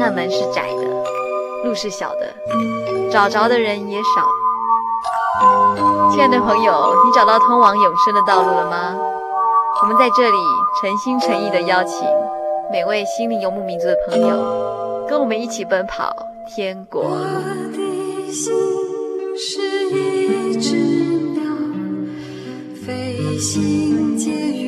那門是窄的，路是小的，找着的人也少。親愛的朋友，你找到通往永生的道路了嗎？我們在這裡誠心誠意地邀請每位心靈游牧民族的朋友，跟我們一起奔跑天國。我的心是一隻鳥，飛行介。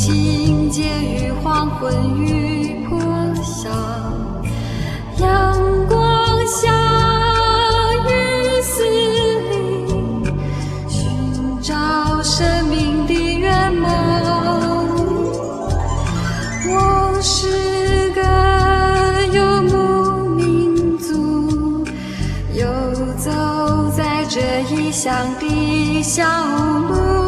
行介於黃昏與破曉，陽光下，雨絲裡，尋找生命的原貌。我是個遊牧民族，游走在這異鄉的小路。